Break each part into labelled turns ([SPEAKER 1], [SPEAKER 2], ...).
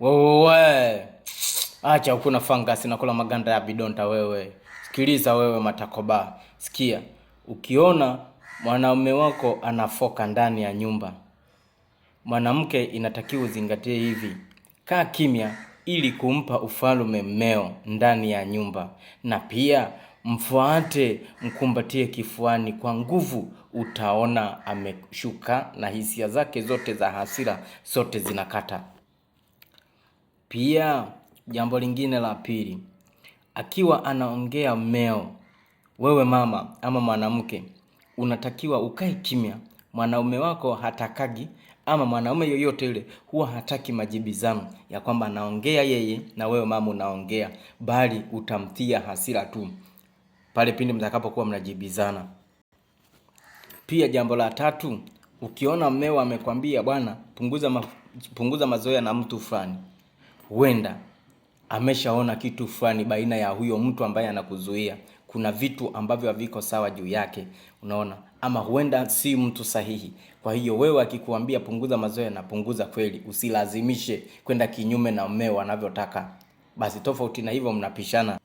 [SPEAKER 1] Wewe. Acha ukuna fungus nakula maganda ya bidonta wewe. Sikiliza wewe matakoba. Sikia. Ukiona mwanaume wako anafoka ndani ya nyumba, mwanamke inatakiwa uzingatie hivi: kaa kimya ili kumpa ufalme mmeo ndani ya nyumba, na pia mfuate, mkumbatie kifuani kwa nguvu. Utaona ameshuka na hisia zake zote za hasira zote zinakata. Pia jambo lingine la pili, akiwa anaongea mmeo, wewe mama ama mwanamke unatakiwa ukae kimya. Mwanaume wako hatakagi ama mwanaume yoyote yule huwa hataki majibizano ya kwamba anaongea yeye na wewe mama unaongea, bali utamtia hasira tu pale pindi mtakapokuwa mnajibizana. Pia jambo la tatu, ukiona mmeo amekwambia bwana, punguza, ma punguza mazoea na mtu fulani huenda ameshaona kitu fulani baina ya huyo mtu ambaye anakuzuia. Kuna vitu ambavyo haviko sawa juu yake, unaona, ama huenda si mtu sahihi. Kwa hiyo wewe akikuambia punguza mazoea, na punguza kweli, usilazimishe kwenda kinyume na mmeo anavyotaka. Basi tofauti na hivyo mnapishana.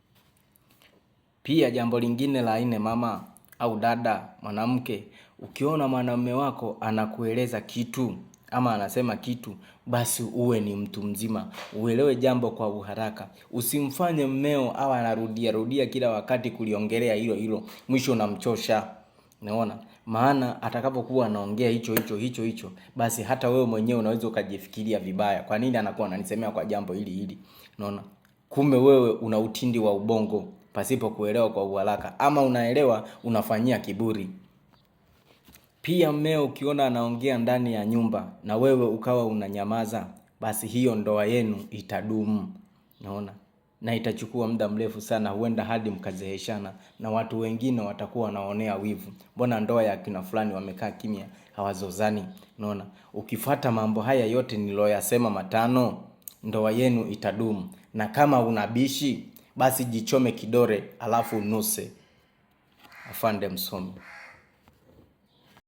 [SPEAKER 1] Pia jambo lingine la ine mama au dada, mwanamke, ukiona mwanamume wako anakueleza kitu ama anasema kitu, basi uwe ni mtu mzima, uelewe jambo kwa uharaka. Usimfanye mmeo awe anarudia rudia kila wakati kuliongelea hilo hilo, mwisho unamchosha. Unaona, maana atakapokuwa anaongea hicho hicho hicho hicho, basi hata wewe mwenyewe unaweza ukajifikiria vibaya, kwa nini anakuwa ananisemea kwa jambo hili hili? Unaona, kumbe wewe una utindi wa ubongo pasipo kuelewa kwa uharaka, ama unaelewa unafanyia kiburi. Pia mmeo ukiona anaongea ndani ya nyumba na wewe ukawa unanyamaza, basi hiyo ndoa yenu itadumu. Naona na itachukua muda mrefu sana, huenda hadi mkazeheshana, na watu wengine watakuwa wanaonea wivu, mbona ndoa ya kina fulani wamekaa kimya, hawazozani? Naona ukifata mambo haya yote niloyasema matano, ndoa yenu itadumu. Na kama unabishi, basi jichome kidore alafu nuse. Afande msomi.